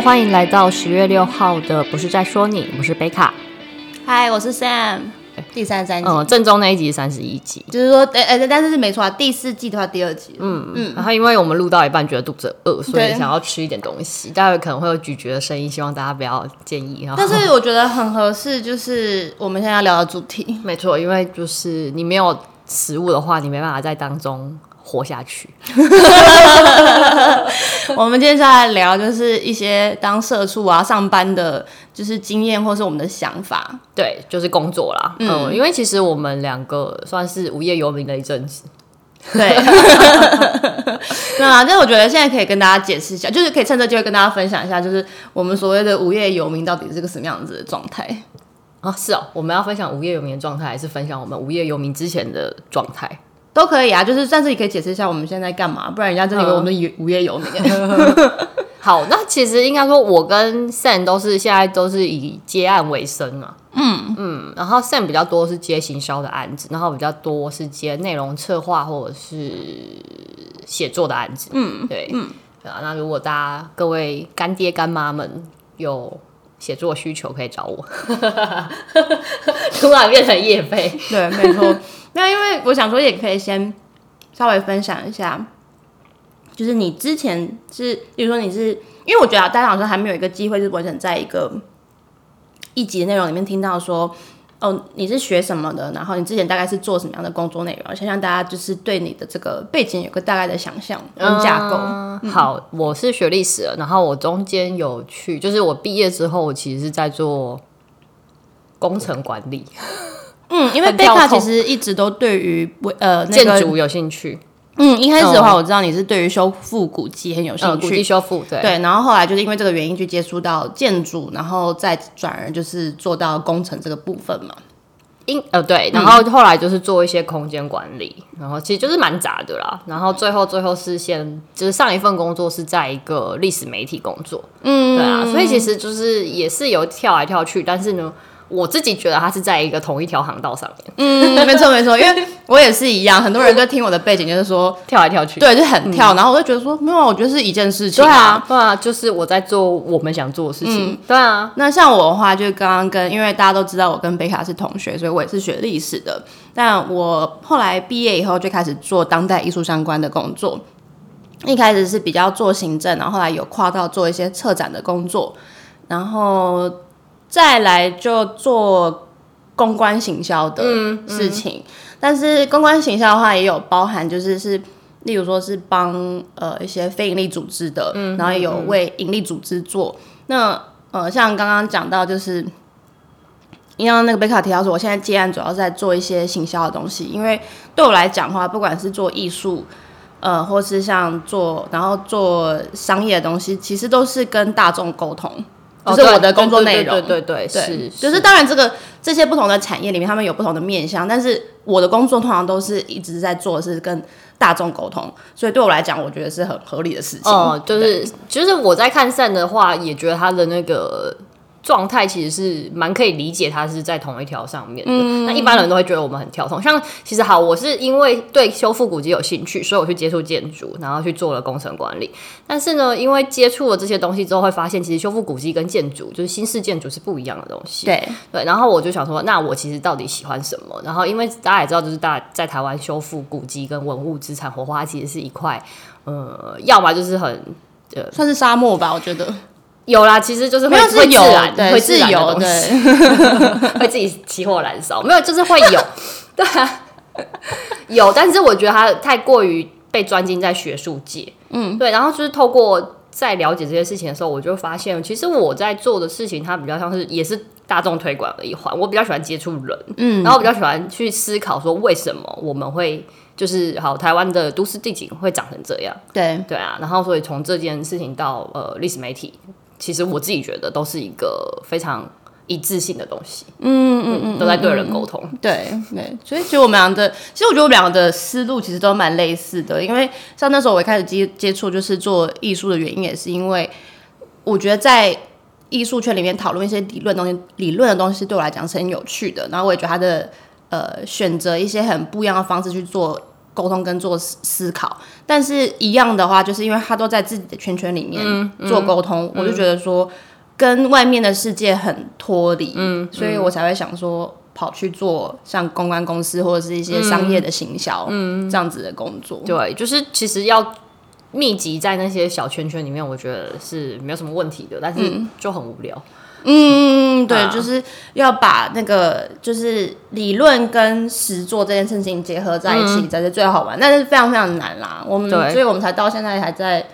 歡迎來到十月六號的，不是在說你，我是貝卡。嗨，我是 Sam。欸、第三三集嗯，正宗那一集是三十一集，就是說，哎、欸、哎、欸，但是，是沒錯啊，第四季的話第二集，嗯嗯。然後因為我們錄到一半覺得肚子餓，所以想要吃一點東西，待會可能會有咀嚼的聲音，希望大家不要介意啊。但是我覺得很合適，就是我們現在要聊的主題呵呵，沒錯，因為就是你沒有食物的話，你沒辦法在當中活下去。 我們接下來聊，就是一些當社畜啊、上班的，就是經驗，或是我們的想法。對，就是工作啦。嗯，因為其實我們兩個算是無業遊民的一陣子。對。 那，但我覺得現在可以跟大家解釋一下，就是可以趁着機會跟大家分享一下，就是我們所謂的無業遊民到底是個什麼樣子的狀態啊？是哦，我們要分享無業遊民的狀態，還是分享我們無業遊民之前的狀態？都可以啊，就是，但是你可以解釋一下我們現在幹嘛，不然人家真的以為我們無業遊民。 好，那其實應該說，我跟 Sam 都是現在都是以接案為生嘛。嗯嗯，然後 Sam 比較多是接行銷的案子，然後比較多是接內容策劃或者是寫作的案子。嗯，對，嗯、啊、那如果大家各位乾爹乾媽們有寫作需求，可以找我。 突然變成葉飛， 對，沒錯。 那因為我想說也可以先稍微分享一下，就是你之前是，比如說你是，因為我覺得大家好像還沒有一個機會，是完全在一個一集內容裡面聽到說，哦，你是學什麼的，然後你之前大概是做什麼樣的工作內容，想想大家就是對你的這個背景有個大概的想象跟、嗯、架構、嗯嗯。好，我是學歷史了，然後我中間有去，就是我畢業之後，我其實是在做工程管理。嗯嗯，因為貝卡其實一直都對於呃、那個、建築有興趣。嗯，一開始的話，我知道你是對於修復古蹟很有興趣，嗯、古蹟修復對。對，然後後來就是因為這個原因去接觸到建築，然後再轉而就是做到工程這個部分嘛。因、嗯、呃對，然後後來就是做一些空間管理、嗯，然後其實就是蠻雜的啦。然後最後最後是先就是上一份工作是在一個歷史媒體工作，嗯，對啊，所以其實就是也是有跳來跳去，但是呢。我自己覺得他是在一個同一條航道上面。嗯，沒錯沒錯，因為我也是一樣，很多人都聽我的背景，就是說跳來跳去，對，就很跳。嗯、然後我就覺得說，沒有，我覺得是一件事情。對啊，對啊，就是我在做我們想做的事情，嗯、對啊。那像我的話，就是剛剛跟，因為大家都知道我跟貝卡是同學，所以我也是學歷史的。但我後來畢業以後就開始做當代藝術相關的工作，一開始是比較做行政，然後後來有跨到做一些策展的工作，然後。再來就做公關行銷的事情。嗯嗯，但是公關行銷的話也有包含，就是是例如說是幫呃一些非盈利組織的、嗯，然後也有為盈利組織做。嗯、那呃像剛剛講到就是，因為那個貝卡提到說，我現在接案主要在做一些行銷的東西，因為對我來講的話，不管是做藝術呃或是像做然後做商業的東西，其實都是跟大眾溝通。就是我的工作內容、哦對，對對對，對，對，對，對，是，就是當然這個這些不同的產業裡面，他們有不同的面向，但是我的工作通常都是一直在做是跟大眾溝通，所以對我來講，我覺得是很合理的事情。哦，就是就是我在看善的話，也覺得他的那個。狀態其實是蠻可以理解，它是在同一條上面的、嗯。那一般人都會覺得我們很跳脫，像其實好，我是因為對修復古蹟有興趣，所以我去接觸建築，然後去做了工程管理。但是呢，因為接觸了這些東西之後，會發現其實修復古蹟跟建築就是新式建築是不一樣的東西。對對，然後我就想說，那我其實到底喜歡什麼？然後因為大家也知道，就是大家在台灣修復古蹟跟文物資產活化，其實是一塊呃，要麼就是很呃，算是沙漠吧，我覺得。有啦，其實就是會，有是有會自然，對會自由，對， 會自己起火燃燒。沒有，就是會有， 對啊， 有。但是我覺得他太過於被專精在學術界，嗯，對。然後就是透過在了解這些事情的時候，我就發現，其實我在做的事情，它比較像是也是大眾推廣的一環。我比較喜歡接觸人，嗯，然後比較喜歡去思考說為什麼我們會就是好台灣的都市地景會長成這樣，對對啊。然後所以從這件事情到呃歷史媒體，其實我自己覺得都是一個非常一致性的東西，嗯嗯嗯，都在對人溝通，嗯嗯嗯、對對，所以其實我們兩的，其實我覺得我們兩的思路其實都蠻類似的，因為像那時候我一開始接接觸就是做藝術的原因，也是因為我覺得在藝術圈裡面討論一些理論東西，理論的東西對我來講是很有趣的，然後我也覺得他的呃選擇一些很不一樣的方式去做，溝通跟做思考，但是一樣的話，就是因為他都在自己的圈圈裡面，嗯嗯、做溝通，嗯，我就覺得說跟外面的世界很脫離，嗯嗯，所以我才會想說跑去做像公關公司或者是一些商業的行銷這樣子的工作，嗯嗯，對，就是其實要。密集在那些小圈圈裡面，我覺得是沒有什麼問題的，但是就很無聊。嗯，嗯嗯對，嗯對，就是要把那個就是理論跟實做這件事情結合在一起才是最好玩，嗯，但是非常非常難啦。我們，所以我們才到現在還在。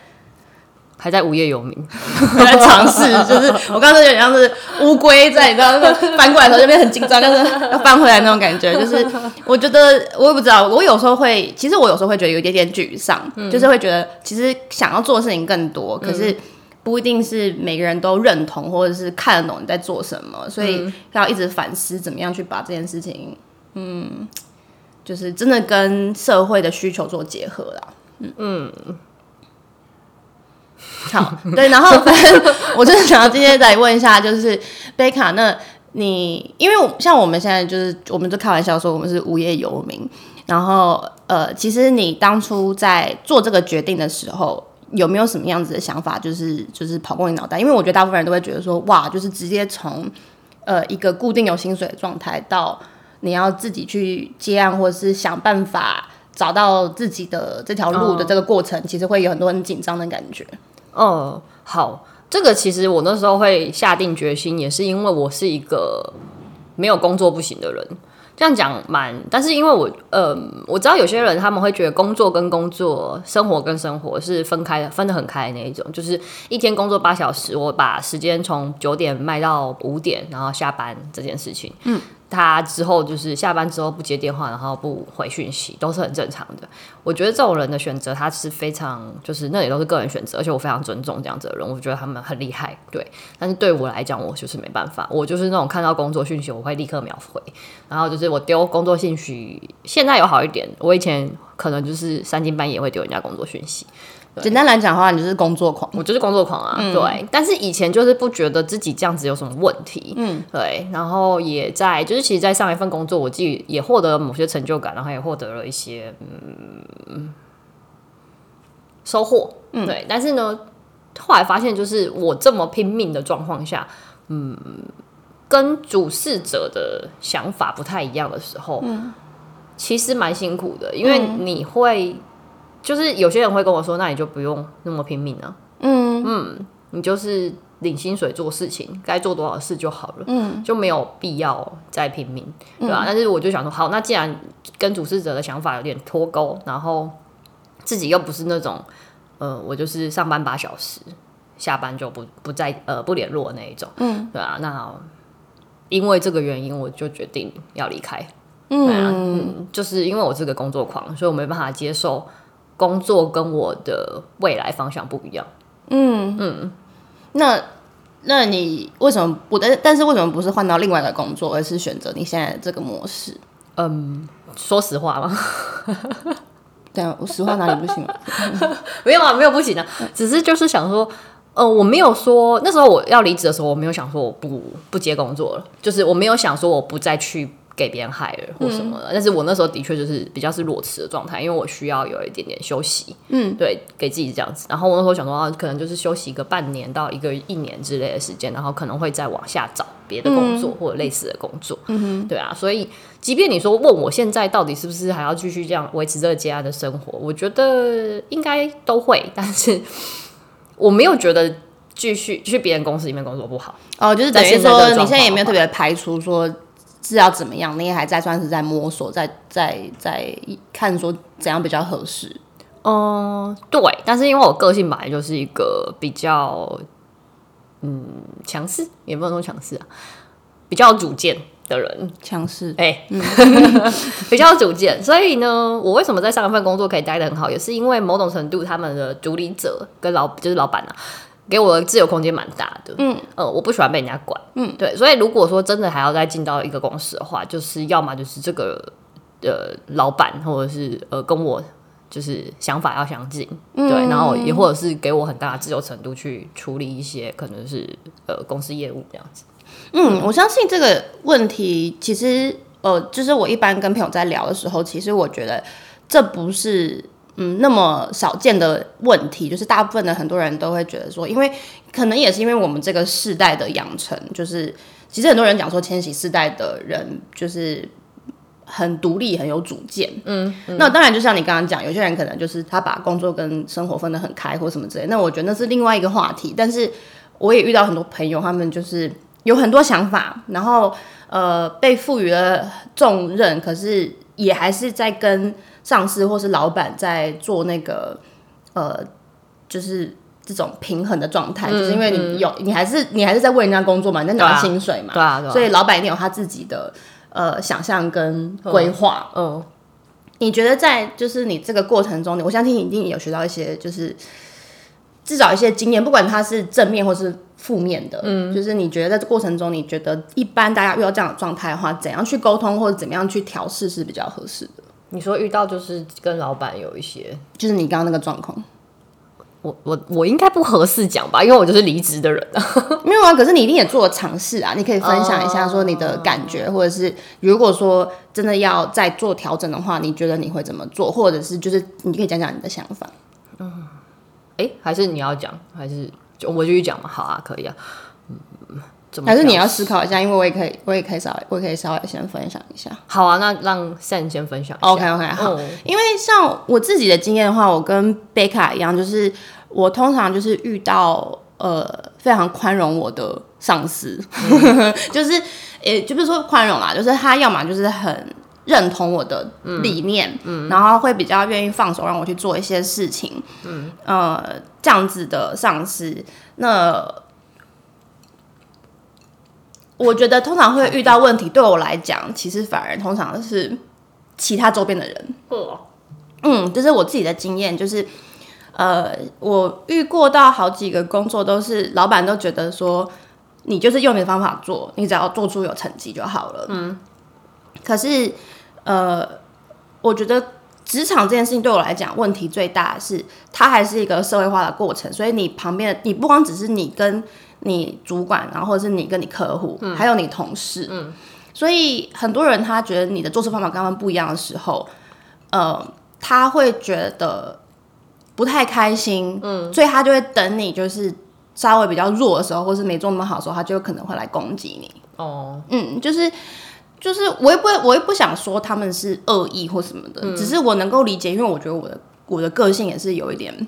還在無業遊民，還在嘗試，就是我剛才有點像是烏龜在，你知道，翻過來的時候就變得很緊張，但是要翻回來那種感覺，就是我覺得我也不知道，我有時候會，其實我有時候會覺得有一點點沮喪，就是會覺得其實想要做的事情更多，可是不一定是每個人都認同或者是看得懂你在做什麼，所以要一直反思怎麼樣去把這件事情，嗯，就是真的跟社會的需求做結合啦。嗯嗯。好，對，然後反正 我就是想要今天再問一下，就是貝卡，那你因為像我們現在就是，我們就開玩笑說我們是無業遊民，然後呃，其實你當初在做這個決定的時候，有沒有什麼樣子的想法、就是，就是就是跑過你腦袋？因為我覺得大部分人都會覺得說，哇，就是直接從呃一個固定有薪水的狀態到你要自己去接案，或者是想辦法找到自己的這條路的這個過程，哦，其實會有很多很緊張的感覺。哦，好，這個其實我那時候會下定決心，也是因為我是一個沒有工作不行的人。這樣講蠻，但是因為我，呃，我知道有些人他們會覺得工作跟工作、生活跟生活是分開的，分得很開的那一種，就是一天工作八小時，我把時間從九點賣到五點，然後下班這件事情，嗯。他之後就是下班之後不接電話，然後不回訊息，都是很正常的。我覺得這種人的選擇，他是非常就是那也都是個人選擇，而且我非常尊重這樣子的人，我覺得他們很厲害。對，但是對我來講，我就是沒辦法，我就是那種看到工作訊息我會立刻秒回，然後就是我丟工作訊息，現在有好一點，我以前可能就是三更半夜會丟人家工作訊息。簡單來講的話，你就是工作狂，我就是工作狂啊、嗯。對，但是以前就是不覺得自己這樣子有什麼問題。嗯，對。然後也在，就是其實，在上一份工作，我自己也獲得了某些成就感，然後也獲得了一些嗯收穫、嗯。對。但是呢，後來發現，就是我這麼拼命的狀況下，嗯，跟主事者的想法不太一樣的時候，嗯，其實蠻辛苦的，因為你會。嗯就是有些人會跟我說：“那你就不用那麼拼命了啊。”嗯嗯，你就是領薪水做事情，該做多少事就好了。嗯，就沒有必要再拼命，嗯、對吧、啊？但是我就想說，好，那既然跟主事者的想法有點脫鈎，然後自己又不是那種，呃，我就是上班八小時，下班就不不再呃不聯絡那一種。嗯，對吧、啊？那因為這個原因，我就決定要離開。對啊、嗯。嗯，就是因為我是個工作狂，所以我沒辦法接受。工作跟我的未來方向不一樣。嗯嗯，那那你為什麼不？但但是為什麼不是換到另外的工作，而是選擇你現在這個模式？嗯，說實話嗎？ 對啊，我實話哪裡不行？ 沒有啊，沒有不行的啊。只是就是想說，呃，我沒有說那時候我要離職的時候，我沒有想說我不不接工作了，就是我沒有想說我不再去。給別人害了或什麼的、嗯。但是我那時候的確就是比較是裸辭的狀態，因為我需要有一點點休息。嗯，對，給自己這樣子。然後我那時候想說，啊、可能就是休息一個半年到一個一年之類的時間，然後可能會再往下找別的工作、嗯、或者類似的工作。嗯，對啊。所以，即便你說，問我現在到底是不是還要繼續這樣維持這個家的生活，我覺得應該都會。但是我沒有覺得繼續去別人公司裡面工作不好。哦，就是等於說在現在你現在也沒有特別排除說，是要怎麼樣？你也還在算是在摸索，在在在看說怎樣比較合適。嗯、呃，對。但是因為我個性嘛，就是一個比較嗯強勢，也不能說強勢啊，比較主見的人。強勢？哎、欸，嗯、 比較主見。所以呢，我為什麼在上一份工作可以待得很好，也是因為某種程度他們的主理者跟老就是老闆啊。給我的自由空間蠻大的，嗯，呃，我不喜歡被人家管，嗯，對，所以如果說真的還要再進到一個公司的話，就是要麼就是這個呃老闆或者是呃跟我就是想法要相近，嗯嗯，對，然後也或者是給我很大的自由程度去處理一些可能、就是呃公司業務這樣子，嗯，嗯，我相信這個問題其實呃，就是我一般跟朋友在聊的時候，其實我覺得這不是。嗯，那麼少見的問題就是，大部分的很多人都會覺得說，因為可能也是因為我們這個世代的養成，就是其實很多人講說，千禧世代的人就是很獨立、很有主見。嗯，嗯那當然，就像你剛剛講，有些人可能就是他把工作跟生活分得很開，或什麼之類。那我覺得那是另外一個話題。但是我也遇到很多朋友，他們就是有很多想法，然後呃，被賦予了重任，可是也還是在跟。上司或是老闆在做那個呃，就是這種平衡的狀態、嗯，就是因為你有你還是你還是在為人家工作嘛，啊、你在拿薪水嘛，對啊，對啊，所以老闆一定有他自己的呃想象跟規劃。嗯、哦哦，你覺得在就是你這個過程中，我相信你一定有學到一些，就是至少一些經驗，不管它是正面或是負面的。嗯，就是你覺得在這過程中，你覺得一般大家遇到這樣的狀態的話，怎樣去溝通或者怎麼樣去調試是比較合適的？你說遇到就是跟老闆有一些，就是你剛剛那個狀況，我我我應該不合適講吧，因為我就是離職的人 沒有啊，可是你一定也做了嘗試啊，你可以分享一下說你的感覺，uh... 或者是如果說真的要再做調整的話，你覺得你會怎麼做，或者是就是你可以講講你的想法。嗯，欸、還是你要講，還是我就去講嘛？好啊，可以啊。還是你要思考一下，因為我也可以，我也可以稍微，我也可以稍微先分享一下。好啊，那讓山姆先分享。OK OK，好、嗯。因為像我自己的經驗的話，我跟貝卡一樣，就是我通常就是遇到呃非常寬容我的上司，嗯、 就是呃，也就不是說寬容啦，就是他要麼就是很認同我的理念，嗯，嗯然後會比較願意放手讓我去做一些事情，嗯，呃，這樣子的上司，那。我覺得通常會遇到問題，對我來講，其實反而通常是其他周邊的人。嗯，這是就是我自己的經驗，就是呃，我遇過到好幾個工作，都是老闆都覺得說你就是用你的方法做，你只要做出有成績就好了。嗯，可是呃，我覺得職場這件事情對我來講，問題最大是它還是一個社會化的過程，所以你旁邊的你不光只是你跟，你主管，然後或者是你跟你客戶，嗯、還有你同事、嗯，所以很多人他覺得你的做事方法跟他們不一樣的時候，呃，他會覺得不太開心，嗯，所以他就會等你就是稍微比較弱的時候，或是沒做那麼好的時候，他就可能會來攻擊你，哦，嗯，就是就是我也不會，我也不想說他們是惡意或什麼的、嗯，只是我能夠理解，因為我覺得我的我的個性也是有一點。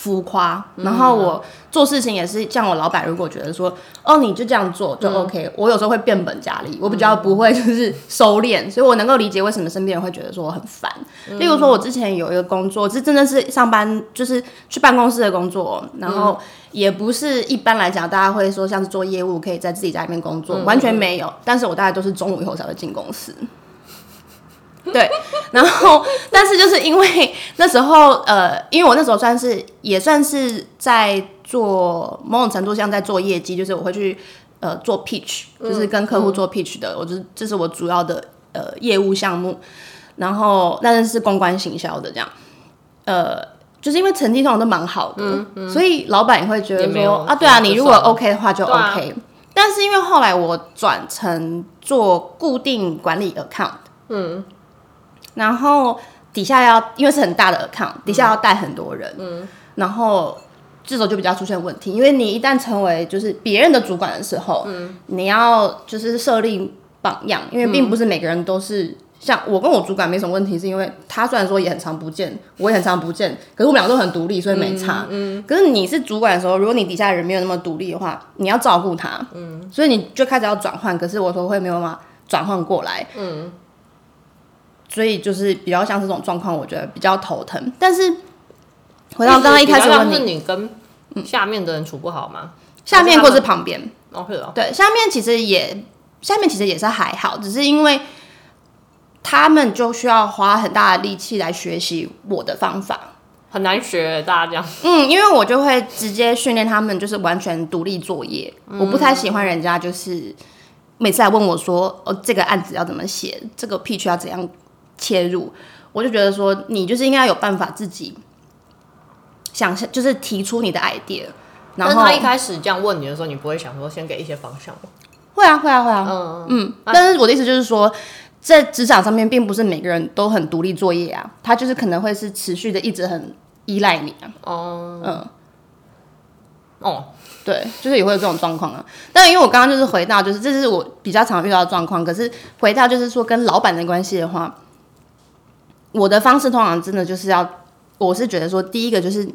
浮誇，然後我做事情也是像我老闆，如果覺得說、嗯，哦，你就這樣做就 OK、嗯、我有時候會變本加厲，我比較不會就是收斂、嗯，所以我能夠理解為什麼身邊人會覺得說我很煩、嗯。例如說，我之前有一個工作，這真的是上班，就是去辦公室的工作，然後也不是一般來講大家會說像是做業務可以在自己家裡面工作，嗯、完全沒有、嗯。但是我大概都是中午以後才會進公司。 對，然後但是就是因為那時候呃，因為我那時候算是，也算是在做某種程度上在做業績，就是我會去呃做 pitch，就是跟客戶做 pitch 的，嗯、我就這是我主要的呃業務項目。然後那陣是，是公關行銷的這樣，呃，就是因為成績通常都蠻好的、嗯嗯，所以老板也會覺得說啊，啊，對啊，你如果 OK 的話就 OK、啊。但是因為後來我轉成做固定管理 account，嗯。然後底下要，因為是很大的 account，底下要帶很多人，嗯，嗯然後這種就比較出現問題，因為你一旦成為就是別人的主管的時候，嗯，你要就是設立榜樣，因為並不是每個人都是、嗯、像我跟我主管沒什麼問題，是因為他雖然說也很常不見，我也很常不見，可是我們倆都很獨立，所以沒差嗯，嗯，可是你是主管的時候，如果你底下的人沒有那麼獨立的話，你要照顧他，嗯，所以你就開始要轉換，可是我說會沒有辦法轉換過來，嗯。所以就是比較像這種狀況，我覺得比較頭疼。但是回到剛剛一開始問，是你跟下面的人處不好嗎？嗯、下面或是旁邊？OK 對，下面其實也，下面其實也是還好，只是因為他們就需要花很大的力氣來學習我的方法，很難學。大家這樣，嗯，因為我就會直接訓練他們，就是完全獨立作業、嗯。我不太喜歡人家就是每次來問我說：“哦，這個案子要怎麼寫？這個 pitch 要怎樣？”切入，我就覺得說，你就是應該有辦法自己想，就是提出你的 idea。然後他一開始這樣問你的時候，你不會想說先給一些方向嗎？會啊，會啊，會啊。嗯嗯，嗯。但是我的意思就是說，在職場上面，並不是每個人都很獨立作業啊。他就是可能會是持續的一直很依賴你啊。哦。嗯。哦，對，就是也會有這種狀況啊。但因為我剛剛就是回到，就是這是我比較常遇到的狀況。可是回到就是說跟老板的關係的話。我的方式通常真的就是要，我是覺得說，第一個就是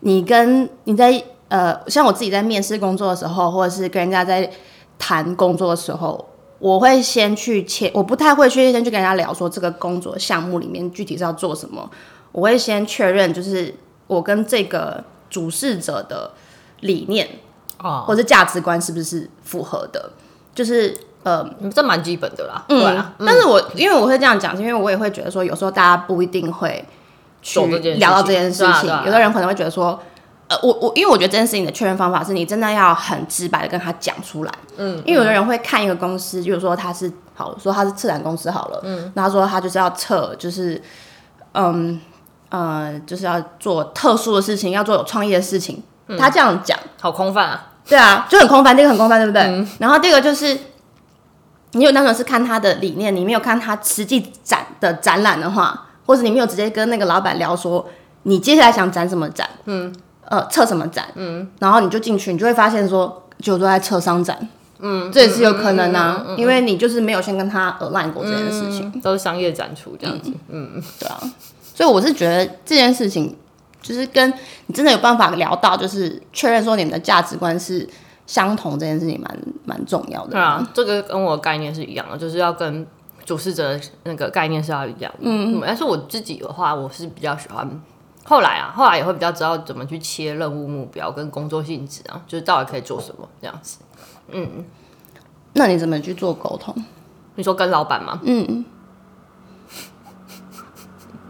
你跟你在呃，像我自己在面試工作的時候，或者是跟人家在談工作的時候，我會先去切，我不太會去先去跟人家聊說這個工作項目裡面具體是要做什麼，我會先確認就是我跟這個主事者的理念或者價值觀是不是符合的，就是。呃、嗯，這蠻基本的啦，嗯，對啊、但是我、嗯、因為我會這樣講，因為我也會覺得說，有時候大家不一定會去聊到這件事情、啊啊。有的人可能會覺得說，呃，我我因為我覺得這件事情的確認方法是你真的要很直白的跟他講出來，嗯，因為有的人會看一個公司，就是說他是好說他是自然公司好了，嗯，然後他說他就是要測，就是嗯呃、嗯，就是要做特殊的事情，要做有創意的事情、嗯，他這樣講，好空泛啊，對啊，就很空泛， 這個很空泛，對不對？嗯、然後第二個就是。你有單純是看他的理念，你沒有看他實際展的展覽的話，或者你沒有直接跟那個老闆聊說，你接下來想展什麼展，嗯，呃，策什麼展，嗯，然後你就進去，你就會發現說，就都在策商展，嗯，這也是有可能啊，嗯嗯嗯、因為你就是沒有先跟他 align 過這件事情，嗯、都是商業展出這樣子，嗯嗯，對啊，所以我是覺得這件事情就是跟你真的有辦法聊到，就是確認說你們的價值觀是。相同這件事情蠻蠻重要的，啊。對啊，這個跟我的概念是一樣的，就是要跟主事者那個概念是要一樣的。嗯嗯。但是我自己的話，我是比較喜歡後來啊，後來也會比較知道怎麼去切任務目標跟工作性質啊，就是到底可以做什麼這樣子。嗯。那你怎麼去做溝通？你說跟老板嗎？嗯。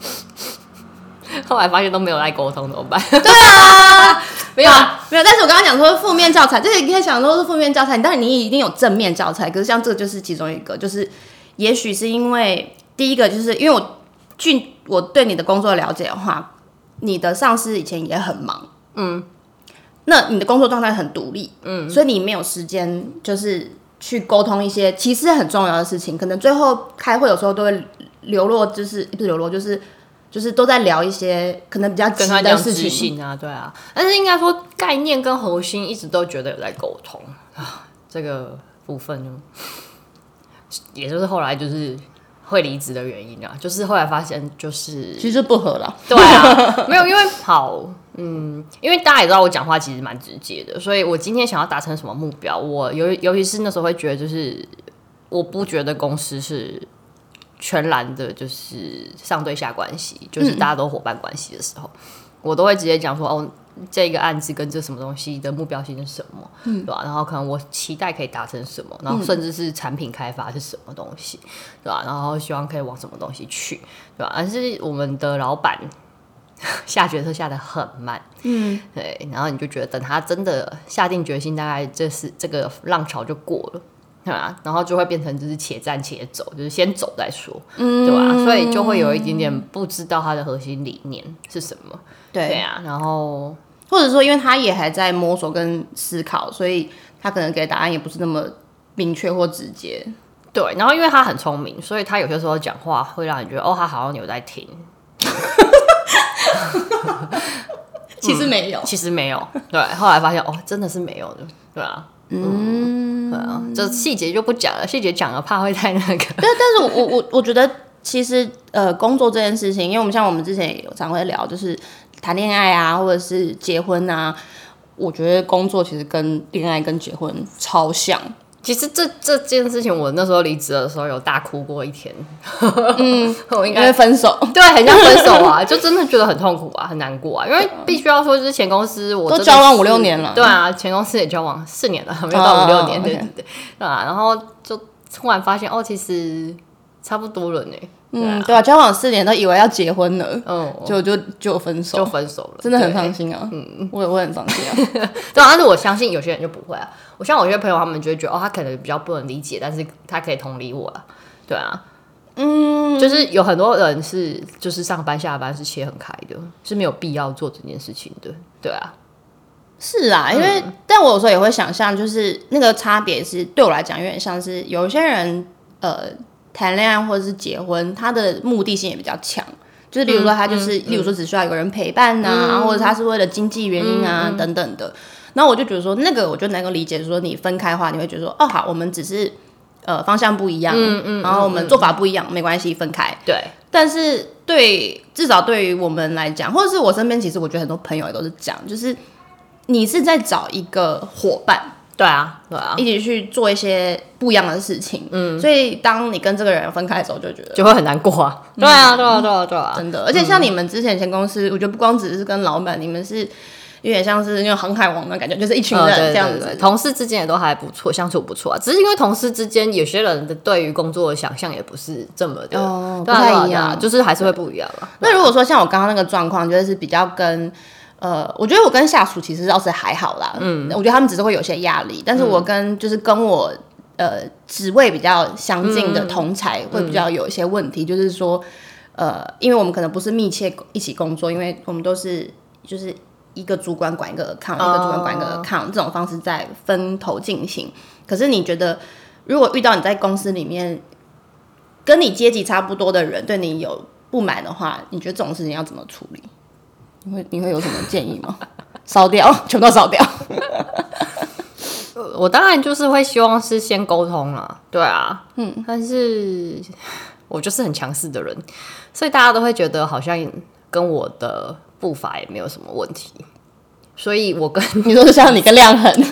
後來發現都沒有在溝通，怎麼辦？對啊。 啊、沒有、啊，沒有、啊。但是我剛剛講說負面教材，這是你可以說是負面教材。你當然你一定有正面教材，可是像這個就是其中一個，就是也許是因為第一個就是因為我據我對你的工作了解的話，你的上司以前也很忙，嗯，那你的工作狀態很獨立，嗯，所以你沒有時間就是去溝通一些其實很重要的事情，可能最後開會有時候都會流落，就是不是流落，就是。就是都在聊一些可能比較跟他的事情啊，對啊，但是應該說概念跟核心一直都覺得有在溝通啊，這個部分，也就是後來就是會離職的原因啊，就是後來發現就是其實不合了，對啊， 沒有因為好，嗯，因為大家也知道我講話其實蠻直接的，所以我今天想要達成什麼目標，我尤尤其是那時候會覺得就是我不覺得公司是全然的就是上對下關係，就是大家都夥伴關係的時候，嗯，我都會直接講說哦，這個案子跟這什麼東西的目標性是什麼，嗯、對吧、啊？然後可能我期待可以達成什麼，然後甚至是產品開發是什麼東西，嗯、對吧、啊？然後希望可以往什麼東西去，對吧、啊？而是我們的老板下決策下得很慢，嗯，對，然後你就覺得等他真的下定決心，大概這是這個浪潮就過了。然後就會變成就是且戰且走，就是先走再說，嗯、對吧、啊？所以就會有一點點不知道他的核心理念是什麼，對，對啊，然後或者說，因為他也還在摸索跟思考，所以他可能給的答案也不是那麼明確或直接。對，然後因為他很聰明，所以他有些時候講話會讓你覺得哦，他好像有在聽。 嗯、其實沒有， 其實沒有。對，後來發現哦，真的是沒有的，對啊。嗯，嗯，對啊，就細節就不講了，細節講了怕會太那個。但 但是我我我覺得，其實呃，工作這件事情，因為我們像我們之前也有常會聊，就是談戀愛啊，或者是結婚啊，我覺得工作其實跟戀愛跟結婚超像。其實這這件事情，我那時候離職的時候有大哭過一天。 嗯，我應該分手，對，很像分手啊， 就真的覺得很痛苦啊，很難過啊。因為必須要說，之前公司我都交往五六年了。對啊，前公司也交往四年了，沒有到五六年。對、哦、對對，okay. 對對啊，然後就突然發現哦，其實差不多了呢、啊。嗯，對啊，交往四年都以為要結婚了，嗯，就就就分手，就分手了，真的很傷心啊。嗯嗯，我也很傷心啊。對，啊 對啊，但是我相信有些人就不會啊。我像我有些朋友，他們就會覺得哦，他可能比較不能理解，但是他可以同理我了、啊，對啊，嗯，就是有很多人是就是上班下班是切很開的，是沒有必要做這件事情的，對啊，是啊，因為、嗯、但我有時候也會想象，就是那個差別是對我來講有點像是有一些人呃談戀愛或者是結婚，他的目的性也比較強，就是比如說他就是、嗯，例如說只需要有人陪伴吶、啊嗯，或者他是為了經濟原因啊、嗯、等等的。那我就覺得說，那個我就能夠理解，說你分開的話，你會覺得說，哦，好，我們只是呃方向不一樣，嗯嗯，然後我們做法不一樣、嗯，沒關係，分開。對。但是對，至少對於我們來講，或者是我身邊，其實我覺得很多朋友也都是講，就是你是在找一個夥伴，對啊，對啊，一起去做一些不一樣的事情。嗯、啊啊。所以，當你跟這個人分開的時候，就覺得就會很難過啊、嗯。對啊，對啊，對啊，對啊。真的，而且像你們之前前公司，嗯、我覺得不光只是跟老板，你們是。有點像是那種航海王的感覺，就是一群人這樣子，嗯對對對。同事之間也都還不錯，相處不錯啊。只是因為同事之間有些人的對於工作的想象也不是這麼的，哦，不太一樣對，啊，就是還是會不一樣了。那如果說像我剛剛那個狀況，就是，是比較跟呃，我覺得我跟下屬其實倒是還好啦。嗯，我覺得他們只是會有些壓力，但是我跟，嗯，就是跟我呃職位比較相近的同儕會比較有一些問題，嗯，就是說呃，因為我們可能不是密切一起工作，因為我們都是就是。一個主管管一個 account，oh.，一個主管管一個 account。這種方式在分頭進行。可是你覺得，如果遇到你在公司裡面跟你階級差不多的人對你有不滿的話，你覺得這種事情要怎麼處理？你會你會有什麼建議嗎？燒 掉，全都燒掉。 我當然就是會希望是先溝通了。對啊，嗯，但是我就是很強勢的人，所以大家都會覺得好像跟我的。步伐也沒有什麼問題，所以我跟你說，就像你跟亮恆， 因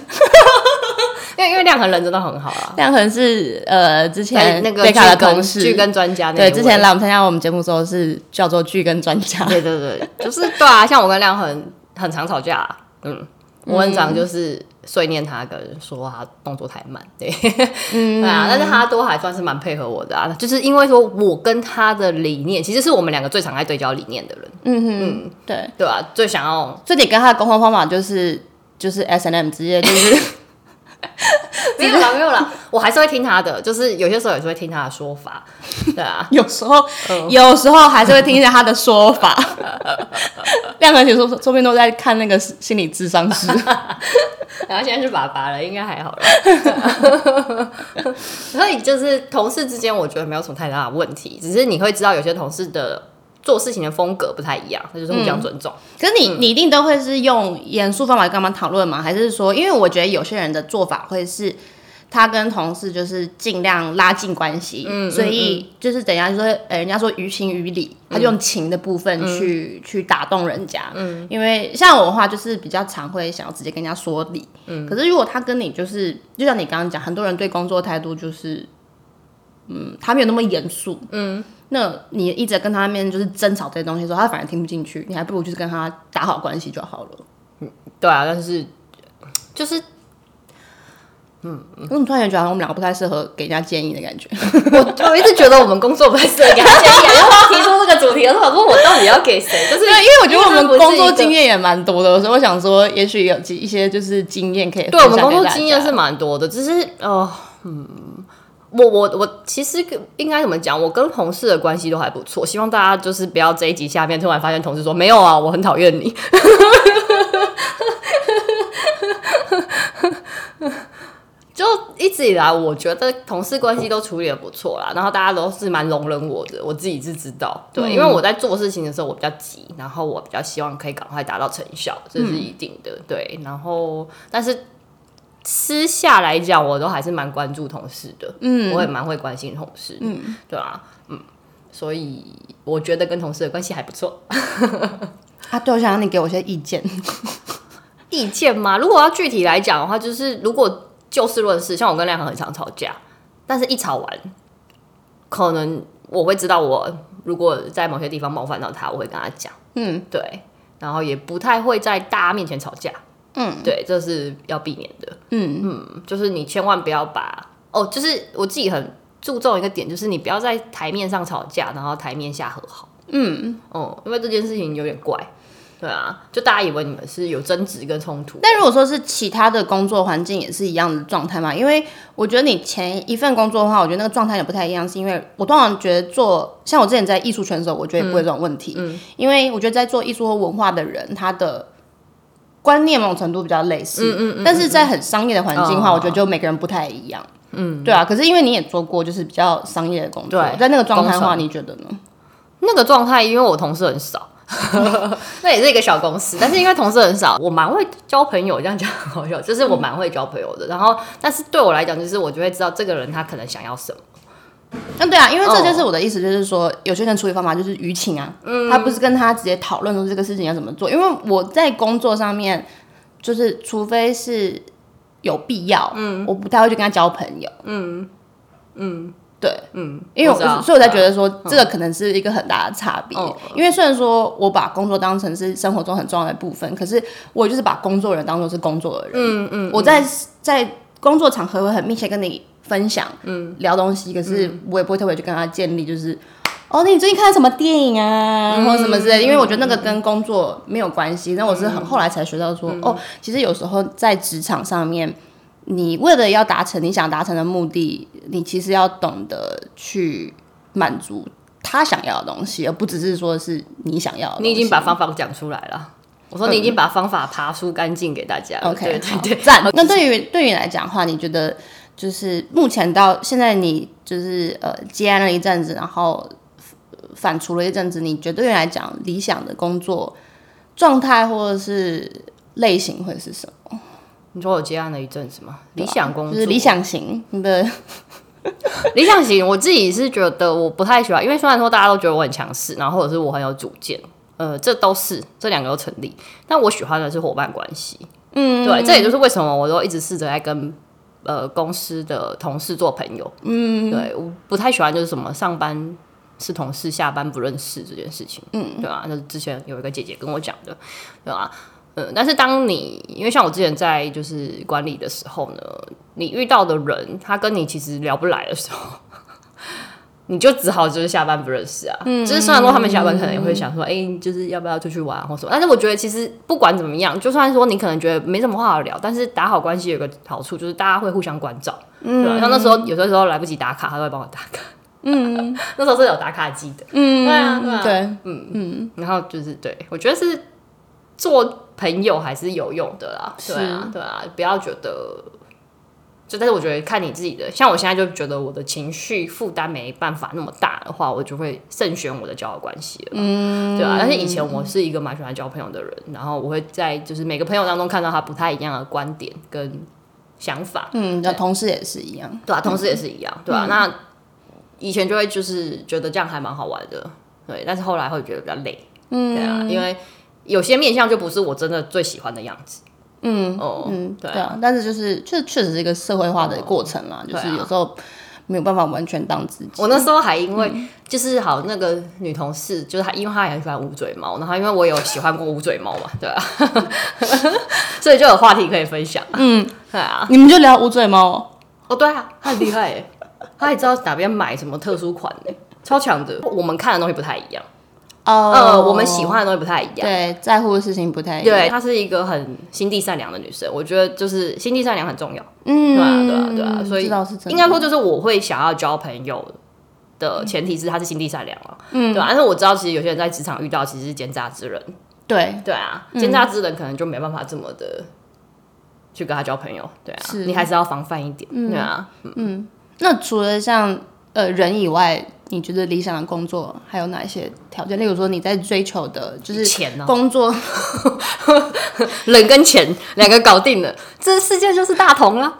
為，因為亮恆人真的很好啊。亮恆是呃，之前那個貝卡的同事，劇跟專家，對，之前來我們參加我們節目的時候是叫做劇跟專家， 對對對，就是對啊，像我跟亮恆很常吵架，嗯，我很常就是。嗯碎念他跟說他動作太慢，對，嗯， 對啊、嗯，但是他都還算是蠻配合我的啊，就是因為說我跟他的理念，其實是我們兩個最常在對焦理念的人，嗯嗯，對，對啊，最想要，最得跟他的溝通方法就是就是 S n M 直接就是。 沒有了，沒有了，我還是會聽他的，就是有些時候也是會聽他的說法，對啊， 有時候，Oh. 有時候還是會聽一下他的說法。亮哥，聽說周斌都在看那個心理智商書，然後現在是爸爸了，應該還好了。 所以就是同事之間，我覺得沒有什麼太大的問題，只是你會知道有些同事的。做事情的風格不太一樣，那就是互相尊重、嗯。可是你你一定都會是用嚴肅方法跟他們討論嗎？還是說，因為我覺得有些人的做法會是，他跟同事就是盡量拉近關係、嗯，所以就是等一下說，呃、欸，人家說於情於理，他就用情的部分去、嗯、去打動人家。嗯，因為像我的話，就是比較常會想要直接跟人家說理。嗯，可是如果他跟你就是，就像你剛剛講，很多人對工作態度就是，嗯，他沒有那麼嚴肅。嗯。那你一直跟他面就是爭吵這些東西的時候，他反而聽不進去，你還不如就是跟他打好關係就好了。嗯、對啊，但是就是，嗯，我怎麼突然間覺得我們兩個不太適合給人家建議的感覺？ 我我一直覺得我們工作不太適合給人家建議。然後提出這個主題的時候，問我到底要給誰？就是 因為我覺得我們工作經驗也蠻多的，所以我想說，也許有幾一些就是經驗可以。對，我們工作經驗是蠻多的，只是哦，嗯。我我我其實應該怎麼講？我跟同事的關係都還不錯，希望大家就是不要這一集下面突然發現同事說，沒有啊，我很討厭你。 就一直以來，我覺得同事關係都處理得不錯啦，哦，然後大家都是蠻容忍我的，我自己是知道。對、嗯，因為我在做事情的時候我比較急，然後我比較希望可以趕快達到成效，這是一定的。嗯、對，然後但是。私下來講，我都還是蠻關注同事的，嗯，我也蠻會關心同事的，嗯，對啊，嗯，所以我覺得跟同事的關係還不錯。 啊，對，我想讓你給我一些意見， 意見嗎？如果要具體來講的話，就是如果就事論事，像我跟亮恆很常吵架，但是一吵完，可能我會知道我如果在某些地方冒犯到他，我會跟他講，嗯，對，然後也不太會在大家面前吵架。嗯，對，這是要避免的。嗯嗯，就是你千萬不要把哦，就是我自己很注重一個點，就是你不要在台面上吵架，然後台面下和好。嗯哦，因為這件事情有點怪，對啊，就大家以為你們是有爭執跟衝突。但如果說是其他的工作環境也是一樣的狀態嘛。因為我覺得你前一份工作的話，我覺得那個狀態也不太一樣，是因為我通常覺得做像我之前在藝術圈的時候，我覺得也不會這種問題。嗯，嗯因為我覺得在做藝術和文化的人，他的。觀念某種程度比較類似，嗯嗯、嗯、嗯但是在很商業的環境的話，嗯，我覺得就每個人不太一樣，嗯，對啊。可是因為你也做過就是比較商業的工作，對，在那個狀態的話，你覺得呢？那個狀態，因為我同事很少，嗯、 那也是一個小公司，但是因為同事很少， 我蠻會交朋友，這樣講好笑就是我蠻會交朋友的，嗯。然後，但是對我來講，就是我就會知道這個人他可能想要什麼。那對啊，因為這就是我的意思，就是說、oh. 有些人處理方法就是輿情啊、嗯，他不是跟他直接討論說這個事情要怎麼做。因為我在工作上面，就是除非是有必要，嗯，我不太會去跟他交朋友，嗯嗯，對，嗯，因為我我所以我才覺得說這個可能是一個很大的差別、嗯。因為雖然說我把工作當成是生活中很重要的部分，可是我就是把工作人當做是工作的人，嗯嗯，我在、嗯、在工作場合會很密切跟你分享，聊東西，可是我也不會特別去跟他建立，就是、嗯、哦，那你最近看了什麼電影啊，嗯、或什麼之類的？因為我覺得那個跟工作沒有關係、嗯。那我是很後來才學到說，嗯、哦，其實有時候在職場上面，你為了要達成你想達成的目的，你其實要懂得去滿足他想要的東西，而不只是說是你想要的東西。你已經把方法講出來了，我說你已經把方法爬梳乾淨給大家。OK，、嗯、對,對，對對，讚、okay，。那對於對於你來講的話，你覺得？就是目前到現在，你就是呃接案了一陣子，然後反芻了一陣子。你絕對原來講理想的工作狀態或者是類型會是什麼？你說我接案了一陣子嗎？啊、理想工作，就是、理想型，對，對， 理想型。我自己是覺得我不太喜歡，因為雖然說大家都覺得我很強勢，然後或者是我很有主見，呃，這都是這兩個都成立。但我喜歡的是夥伴關係，嗯，對，這也就是為什麼我都一直試着在跟。呃，公司的同事做朋友，嗯，對，我不太喜歡就是什麼上班是同事，下班不認識這件事情，嗯，對啊。就是之前有一個姐姐跟我講的，對啊。嗯、呃，但是當你因為像我之前在就是管理的時候呢，你遇到的人他跟你其實聊不來的時候。 你就只好就是下班不認識啊，嗯，就是雖然說他們下班可能也會想說，哎，嗯欸，就是要不要出去玩或什麼，但是我覺得其實不管怎麼樣，就算說你可能覺得沒什麼話好聊，但是打好關係有個好處就是大家會互相關照，嗯，對吧，啊？像那時候，嗯、有的時候來不及打卡，他都會幫我打卡，嗯，啊，那時候是有打卡機的，嗯，對啊，對啊，嗯嗯，然後就是對，嗯就是、對我覺得是做朋友還是有用的啦，對啊，對啊，不要覺得。就但是我覺得看你自己的，像我現在就覺得我的情緒負擔沒辦法那麼大的話，我就會慎選我的交友關係了，嗯，對啊，但是以前我是一個蠻喜歡交朋友的人，然後我會在就是每個朋友當中看到他不太一樣的觀點跟想法，嗯，那同事也是一樣，對啊，同事也是一樣，嗯，對啊，那以前就會就是覺得這樣還蠻好玩的，對，但是後來會覺得比較累，嗯，對啊，因為有些面相就不是我真的最喜歡的樣子。嗯哦嗯對啊，對啊，但是就是這確實是一個社會化的過程啦，哦啊，就是有時候沒有辦法完全當自己。我那時候還因為，嗯、就是好那個女同事，就是她，因為她也喜歡無嘴貓，然後因為我有喜歡過無嘴貓嘛，對啊。 所以就有話題可以分享。嗯，對啊，你們就聊無嘴貓哦，對啊，他很厲害耶， 他也知道哪邊買什麼特殊款的，超強的。我們看的東西不太一樣。呃、oh, 嗯，我們喜歡的東西不太一樣，對，在乎的事情不太一樣。對，她是一個很心地善良的女生，我覺得就是心地善良很重要，嗯，對啊，對啊。對啊，所以應該說，就是我會想要交朋友的前提是她是心地善良了，嗯，對吧、啊？但是我知道，其實有些人在職場遇到其實是奸詐之人，對對啊，嗯、奸詐之人可能就沒辦法這麼的去跟她交朋友，對啊，你還是要防範一點，嗯、對啊嗯，嗯。那除了像呃人以外。你覺得理想的工作還有哪一些條件？例如說，你在追求的就是錢呢？工作，人、喔、 跟錢兩個搞定了， 這世界就是大同了。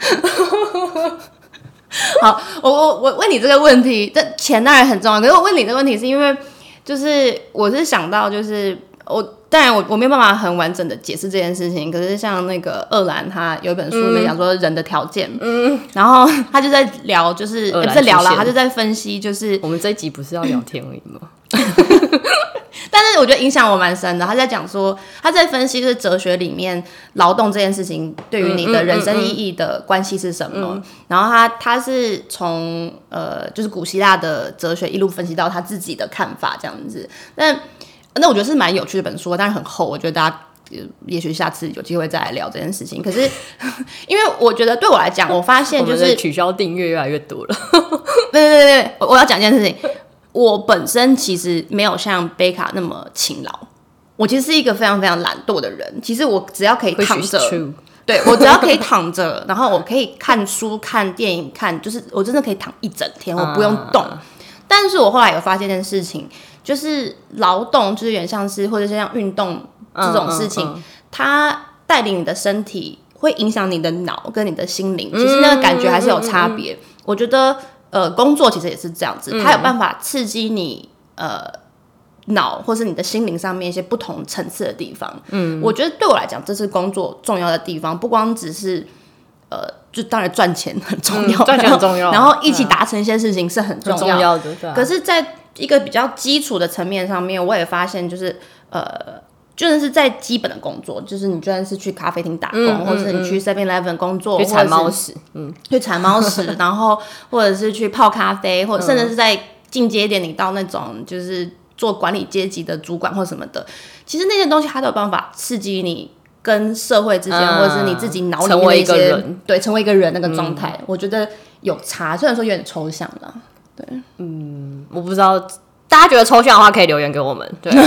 好，我我我問你這個問題，這錢當然很重要。可是我問你這個問題，是因為就是我是想到就是。我當然，但我我沒有辦法很完整的解釋這件事情。可是像那個鄂蘭，他有一本書裡面講說人的條件，嗯，然後他就在聊，就是、欸、不是聊了，他就在分析，就是我們這一集不是要聊天而已嗎？嗯、 但是我覺得影響我蠻深的。他在講說，他在分析就是哲學裡面勞動這件事情對於你的人生意義的關係是什麼。嗯嗯嗯、然後他他是從呃，就是古希臘的哲學一路分析到他自己的看法這樣子，但。那我覺得是蠻有趣的本書，但是很厚。我覺得大家也許下次有機會再來聊這件事情。可是，因為我覺得對我來講，我發現就是我取消訂閱越來越多了。 對對對對，我，我要講一件事情。我本身其實沒有像貝卡那麼勤勞，我其實是一個非常非常懶惰的人。其實我只要可以躺着，對我只要可以躺着， 然後我可以看書、看電影、看，就是我真的可以躺一整天，我不用動。啊、但是我後來有發現一件事情。就是勞動，就是有點像是或者像運動這種事情，嗯嗯嗯、它帶領你的身體，會影響你的腦跟你的心靈、嗯。其實那個感覺還是有差別、嗯嗯嗯。我覺得，呃，工作其實也是這樣子，嗯、它有辦法刺激你，呃，腦或是你的心靈上面一些不同層次的地方。嗯，我覺得對我來講，這是工作重要的地方，不光只是，呃，就當然賺錢很重要，賺、嗯、錢很重要，然後，然後一起達成一些事情、嗯、是很重，很重要的。啊、可是，在一個比較基礎的層面上面，我也發現，就是呃，就算是在基本的工作，就是你就算是去咖啡廳打工，嗯嗯嗯、或者你去 Seven Eleven 工作，去鏟貓屎，嗯，去鏟貓屎， 然後或者是去泡咖啡，或者甚至是在進階一點，你到那種就是做管理階級的主管或什麼的，其實那些東西，它都有辦法刺激你跟社會之間、嗯，或者是你自己腦裡面的那些一些，對，成為一個人那個狀態、嗯，我覺得有差，雖然說有點抽象了。對，嗯，我不知道，大家覺得抽象的話可以留言給我們。對， 就是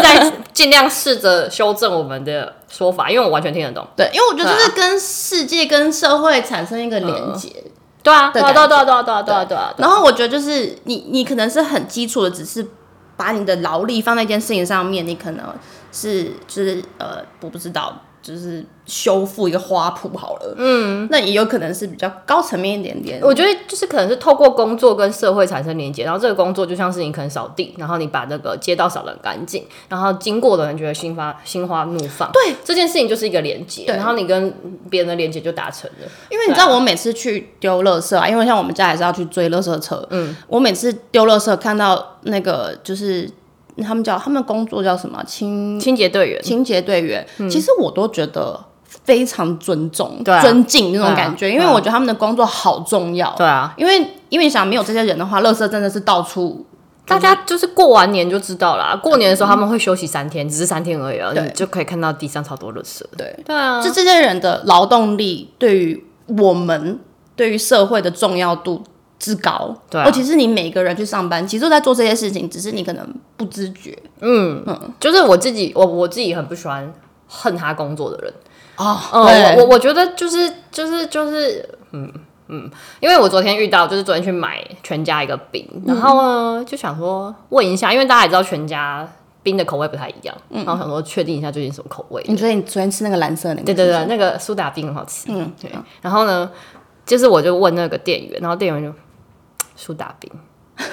在尽量試着修正我們的說法，因為我完全聽得懂。對，因為我覺得就是跟世界、啊、跟社會產生一個連接、呃。對啊，對啊，對啊，對啊，對啊，對啊，對啊。對，然後我覺得就是你，你可能是很基礎的，只是把你的勞力放在一件事情上面，你可能是就是呃，我不知道。就是修復一個花圃好了，嗯，那也有可能是比較高層面一點點。我覺得就是可能是透過工作跟社會產生連接，然後這個工作就像是你可能掃地，然後你把那個街道掃得很乾淨，然後經過的人覺得心花心花怒放。對，這件事情就是一個連接，然後你跟別人的連接就達成了。因為你知道我每次去丟垃圾啊，因為像我們家還是要去追垃圾車，嗯，我每次丟垃圾看到那個就是。他們叫他們的工作叫什麼？清清潔隊員清潔隊員，嗯，其實我都覺得非常尊重，啊，尊敬那種感覺，啊，因為我覺得他們的工作好重要。對啊，對啊，因為因為你想沒有這些人的話，垃圾真的是到處，啊。大家就是過完年就知道啦，嗯，過年的時候他們會休息三天，嗯，只是三天而已，啊，已，你就可以看到地上超多垃圾。對對啊，就這些人的勞動力對於我們對於社會的重要度。至高，對、啊，而、哦、且你每個人去上班，其實都在做這些事情，只是你可能不知覺。嗯嗯，就是我自己，我我自己很不喜歡恨他工作的人。哦、oh, 呃，我我覺得就是就是就是，嗯嗯，因為我昨天遇到，就是昨天去買全家一個冰，嗯、然後呢就想說問一下，因為大家也知道全家冰的口味不太一樣，嗯、然後想說確定一下最近什麼口味。你覺得你昨天吃那個藍色的那個？對對對、啊，那個蘇打冰很好吃。嗯對、啊，對。然後呢，就是我就問那個店員，然後店員就。蘇打餅，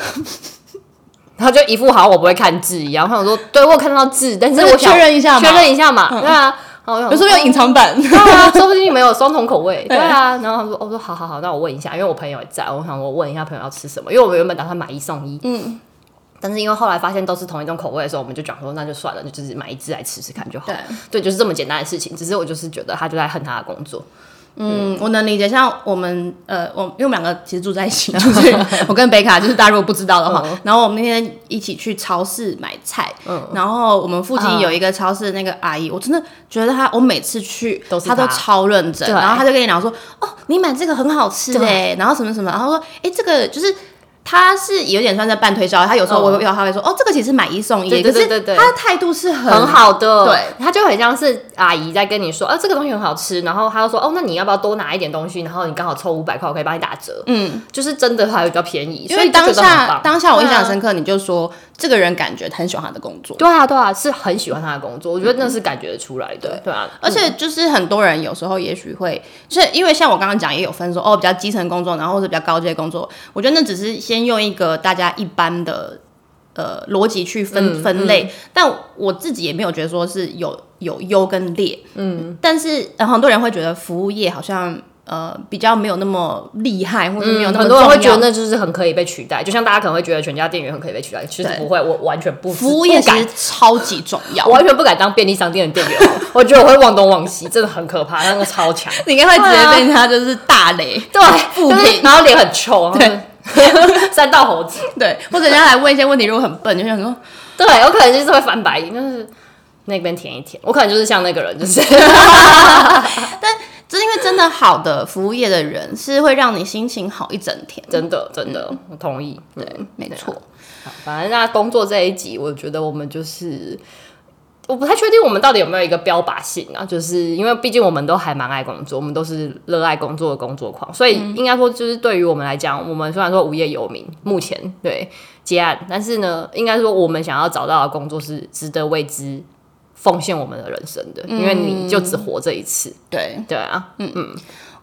然 後就一副好像我不會看字一樣。他想說，對我有看到字，但是我確認一下，確認一下嘛，對啊。嗯、我說有是，是有隱藏版、嗯？對啊，說不定你沒有雙重口味，對啊。欸、然後他說、哦，我說，好好好，那我問一下，因為我朋友也在我想，我問一下朋友要吃什麼，因為我們原本打算買一送一，嗯。但是因為後來發現都是同一種口味的時候，我們就講說，那就算了，就自己買一隻來吃吃看就好對。對，就是這麼簡單的事情。只是我就是覺得他就在恨他的工作。嗯，我能理解。像我們，呃，我因為我們兩個其實住在一起，所、就、以、是、 我跟貝卡就是大家如果不知道的話、嗯，然後我們那天一起去超市買菜，嗯、然後我們附近有一個超市的那個阿姨、嗯，我真的覺得她，我每次去，她都，都超認真，然後她就跟你講說，哦，你買這個很好吃的、欸、然後什麼什麼，然後說，哎、欸，這個就是。他是有點算在半推銷，他有時候我會，他會說哦，哦，這個其實買一送一，對對對，對，對。他的態度是很，很好的，對，他就很像是阿姨在跟你說，啊，這個東西很好吃，然後他又說，哦，那你要不要多拿一點東西，然後你剛好湊五百塊，我可以幫你打折，嗯，就是真的還有比較便宜，所以當下當下我印象很深刻，嗯、你就說。這個人感覺很喜歡他的工作，對啊，對啊，是很喜歡他的工作。嗯、我覺得那是感覺得出來的、嗯對，對啊。而且就是很多人有時候也許會，所、就是、因為像我剛剛講也有分說哦，比較基層工作，然後或者比較高階工作。我覺得那只是先用一個大家一般的呃邏輯去分分類、嗯嗯，但我自己也沒有覺得說是有有優跟劣，嗯。但是很多人會覺得服務業好像。呃，比較沒有那麼厲害，或者沒有那麼、嗯、很多人會覺得那就是很可以被取代。嗯、就像大家可能會覺得全家店員很可以被取代，其實不會，我完全不。服務業其實超級重要，我完全不敢當便利商店的店員， 我覺得我會往東往西，真的很可怕，那個超強， 你應該會直接被他就是大雷，啊、對、就是然臉，然後臉很臭，對， 三道猴子，對，或者人家來問一些問題，如果很笨，就想說，對，我可能就是會翻白眼，就是那邊舔一舔，我可能就是像那個人，就是， 就是因為真的好的服務業的人是會讓你心情好一整天，真的真的，我同意，嗯、對，沒錯。好，反正那工作這一集，我覺得我們就是我不太確定我們到底有沒有一個標靶性啊，就是因為畢竟我們都還蠻愛工作，我們都是熱愛工作的工作狂，所以應該說就是對於我們來講、嗯，我們雖然說無業遊民，目前對接案，但是呢，應該說我們想要找到的工作是值得為之。奉獻我們的人生的，因為你就只活這一次。嗯、對對啊，嗯嗯，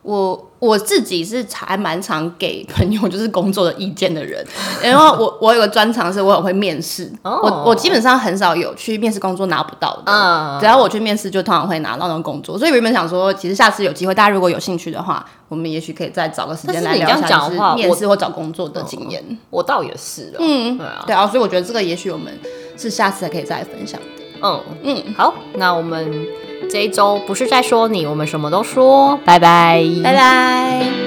我我自己是還蠻常給朋友就是工作的意見的人，然 後我我有個專長是我也會面試，哦、我我基本上很少有去面試工作拿不到的，嗯、只要我去面試就通常會拿到那種工作。所以原本想說，其實下次有機會，大家如果有興趣的話，我們也許可以再找個時間來聊一下是，你講是面試或找工作的經驗。哦、我倒也是，嗯，對啊，對啊，所以我覺得這個也許我們是下次才可以再來分享的。嗯嗯，好，那我們這一周不是在說你，我們什麼都說，拜拜，拜拜。